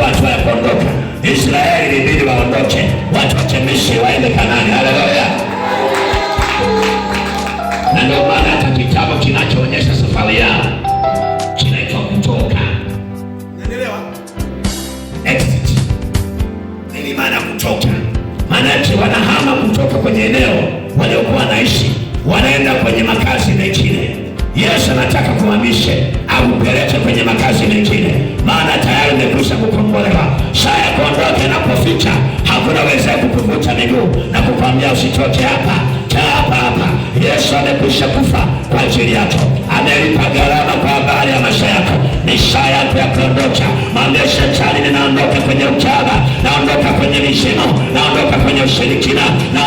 watu israel Israeli, ilibidi waondoke, watu wache Misri waende Kanani. Haleluya! Na ndio maana hata kitabu kinachoonyesha safari yao kinaitwa Kutoka. Unaelewa? Exit ni maana kutoka, maana yake wanahama kutoka kwenye eneo waliokuwa wanaishi, wanaenda kwenye makazi mengine. Yesu anataka kuhamishe au kupeleke kwenye makazi mengine, maana tayari umekwisha kukombolewa. Saa ya kuondoka inapoficha, hakuna weza kukuvuta miguu na kukwambia usitoke hapa, kaa hapa hapa. Yesu amekwisha kufa kwa ajili yako, amelipa gharama kwa habari ya maisha yako. Ni saa yako ya kuondoka. Mwambie shetani, ninaondoka kwenye uchaba, naondoka kwenye mishimo, naondoka kwenye ushirikina na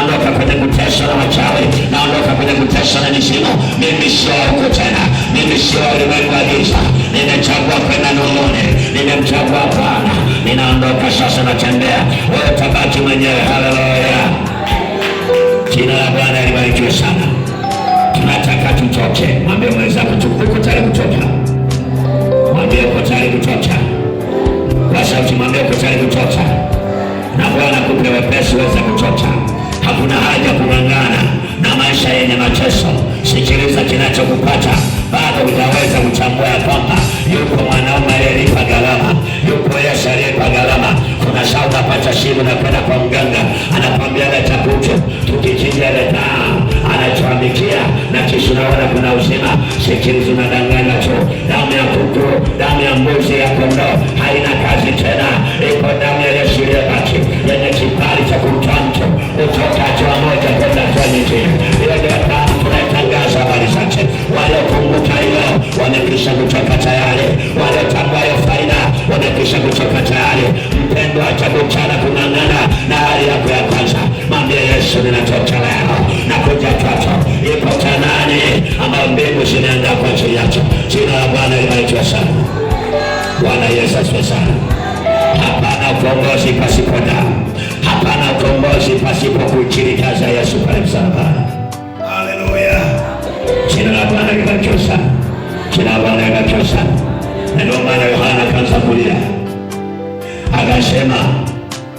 Wathesalonike, mimi sio huko tena, mimi sio ulimwengu nimechagua kwenda nuruni, nimemchagua Bwana, ninaondoka sasa, natembea, wewe tabaki mwenyewe. Haleluya, jina la Bwana libarikiwe sana. Tunataka tutoke, mwambie mwenzako uko tayari kutoka, mwambie uko tayari kutoka, kwa sauti mwambie uko tayari kutoka, na Bwana kupe wepesi, weza kutoka, hakuna haja kung'ang'ana maisha yenye mateso, sikiliza kinachokupata. Bado utaweza kuchambua ya kwamba yuko mwanaume aliyelipa gharama, yuko Yesu aliyelipa gharama. Kuna saa unapata shida, unakwenda kwa mganga, anakwambia leta kutu, tukichinja leta, anatuandikia na kisha unaona kuna uzima. Sikiliza, unadanganya tu. Damu ya kuku, damu ya mbuzi, ya kondoo haina kazi tena, iko damu ya Yesu iliyobaki yenye zinachocha leo na kuja kwako. Ipo Kanaani ambayo mbingu zinaandaa kwa ajili yako. Jina la Bwana libarikiwe sana. Bwana Yesu asifiwe sana. Hapana ukombozi pasipo damu, hapana ukombozi pasipo kuchirikaza Yesu pale msalabani. Haleluya, jina la Bwana libarikiwe sana. Jina la Bwana libarikiwe sana. Na ndio maana Yohana akaanza kulia akasema,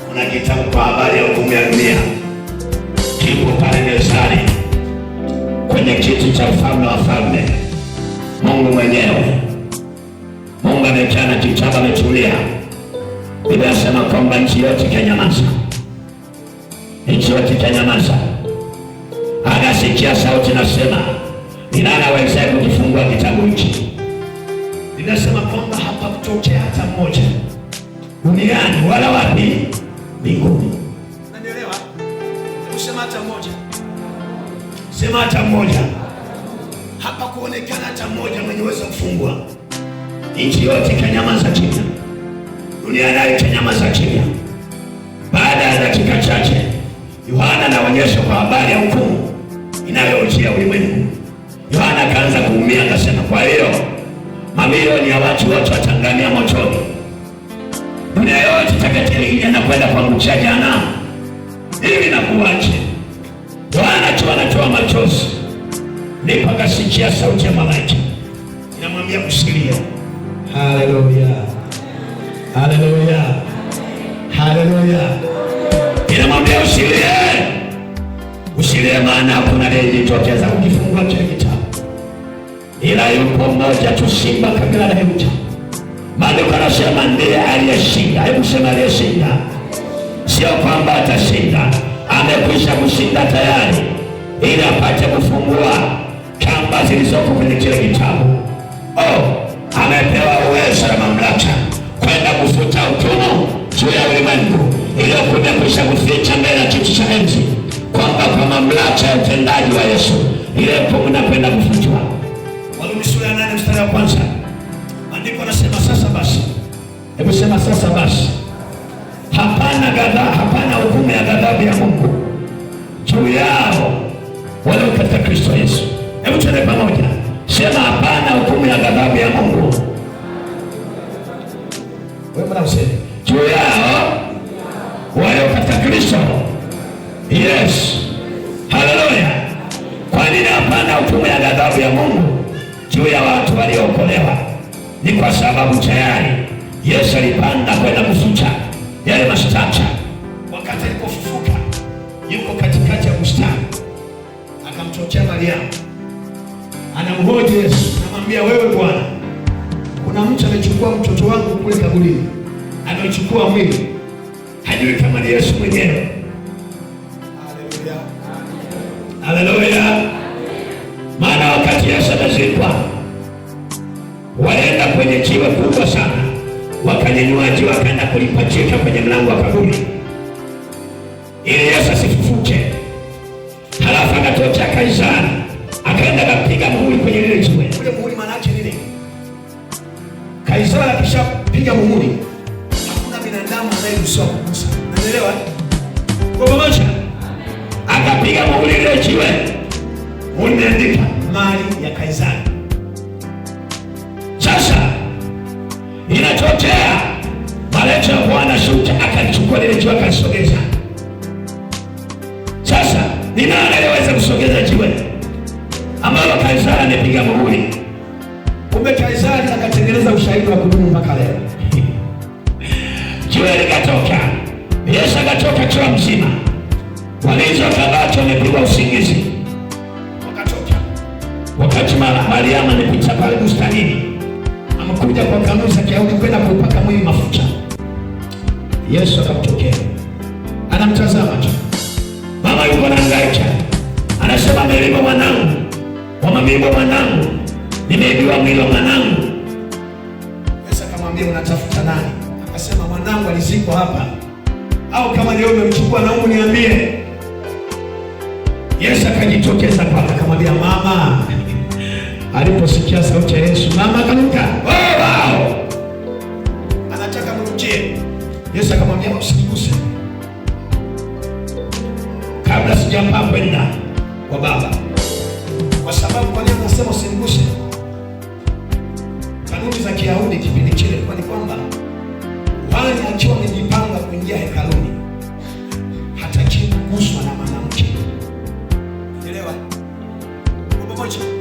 kuna kitabu kwa habari ya hukumu kwenye kiti cha ufalme wa falme, Mungu mwenyewe. Mungu amekaa kichaba ametulia. Biblia inasema kwamba nchi yote ikanyamaza, nchi yote ikanyamaza. Akasikia sauti nasema, nani awezaye kukifungua kitabu hiki? Inasema kwamba hapakutokea hata mmoja duniani wala wapi mbinguni. Unanielewa? Usema hata mmoja Sema hata mmoja hapa kuonekana hata mmoja mwenye uwezo kufungua nchi yote ikanyamaza kimya, dunia nayo ikanyamaza kimya. Baada ya dakika chache, Yohana anaonyesha kwa habari ya hukumu inayoujia ulimwengu. Yohana akaanza kuumia, akasema, kwa hiyo mamilioni ya watu wote watangamia mochoni dunia yote itakatilija na kwenda kuangukia jehanamu. Hili linakuwaje? wakati anatoa machozi, ndipo akasikia sauti ya malaika inamwambia kusilia. Haleluya, haleluya, haleluya! Inamwambia usilie, usilie, maana kuna aliyejitokeza kukifungua kile kitabu, ila yupo mmoja tu, simba kabila la Yuda. Maandiko anasema ndiye aliyeshinda. Hebu sema aliyeshinda, sio kwamba atashinda, amekwisha kushinda tayari ili apate kufungua kamba zilizoko kwenye kile kitabu. Oh, amepewa uwezo na mamlaka kwenda kufuta hukumu juu ya ulimwengu iliyokuja kuisha kuficha mbele ya kiti cha enzi, kwamba kwa mamlaka ya utendaji wa Yesu ile hukumu inakwenda kufunjwa. Warumi sura ya nane mstari wa kwanza andiko anasema sasa basi, hebu sema sasa basi, hapana ghadhabu, hapana hukumu ya ghadhabu ya Mungu walio katika Kristo Yesu. Hebu tuende pamoja, sema hapana hukumu ya ghadhabu ya Mungu juu yao walio katika Kristo Yesu. Haleluya! Kwa nini hapana hukumu ya ghadhabu ya Mungu juu ya watu waliookolewa? Ni kwa sababu tayari Yesu alipanda kwenda kufuta yale mashtaka wakati alipofufuka, yuko katikati ya mstari anamchochea Mariamu, anamhoji Yesu, anamwambia wewe Bwana, kuna mtu amechukua mtoto wangu kule kaburini, amechukua mwili, hajui kama ni Yesu mwenyewe. Haleluya! Maana wakati Yesu amezikwa, walienda kwenye jiwe kubwa sana, wakanyanyua jiwe, wakaenda kulipachika kwenye mlango wa kaburi ili Yesu asifufuke cheo cha Kaisari, akaenda akapiga muhuri kwenye lile jiwe. Ule muhuri maana yake nini? Kaisari akishapiga muhuri, hakuna binadamu anayeruhusiwa kugusa. Unaelewa? Kwa pamoja akapiga muhuri lile jiwe, unaandika mali ya Kaisari. Sasa inatokea malaika wa Bwana shuka, akalichukua lile jiwe akalisogeza ni nani anaweza kusogeza jiwe ambalo Kaisari amepiga muhuri? Kumbe Kaisari akatengeneza ushahidi wa kudumu mpaka leo. Jiwe likatoka, Yesu akatoka kiwa mzima, walinzi wakabaki wamepigwa usingizi, wakatoka. Wakati Mariamu anapita pale bustanini, amekuja kwa kanuni za Kiyahudi kwenda kuupaka mwili mafuta, Yesu akamtokea, anamtazama tu mama yuko anahangaika, anasema ameiba mwanangu, wameiba mwanangu, nimeibiwa mwili wa mwanangu. Sasa akamwambia unatafuta nani? Akasema mwanangu alizikwa hapa, au kama leo umemchukua naomba niambie. Yesu akajitokeza kwake akamwambia mama. Aliposikia sauti ya Yesu, mama akanuka, wow. anataka mrudie. Yesu akamwambia usiniguse sijapaa kwenda kwa Baba, kwa sababu kwa nini nasema usimgushe? Kanuni za Kiyahudi kipindi kile ilikuwa ni kwamba wale akiwa amejipanga kuingia hekaluni hatakiwi kuguswa na mwanamke, elewa pamoja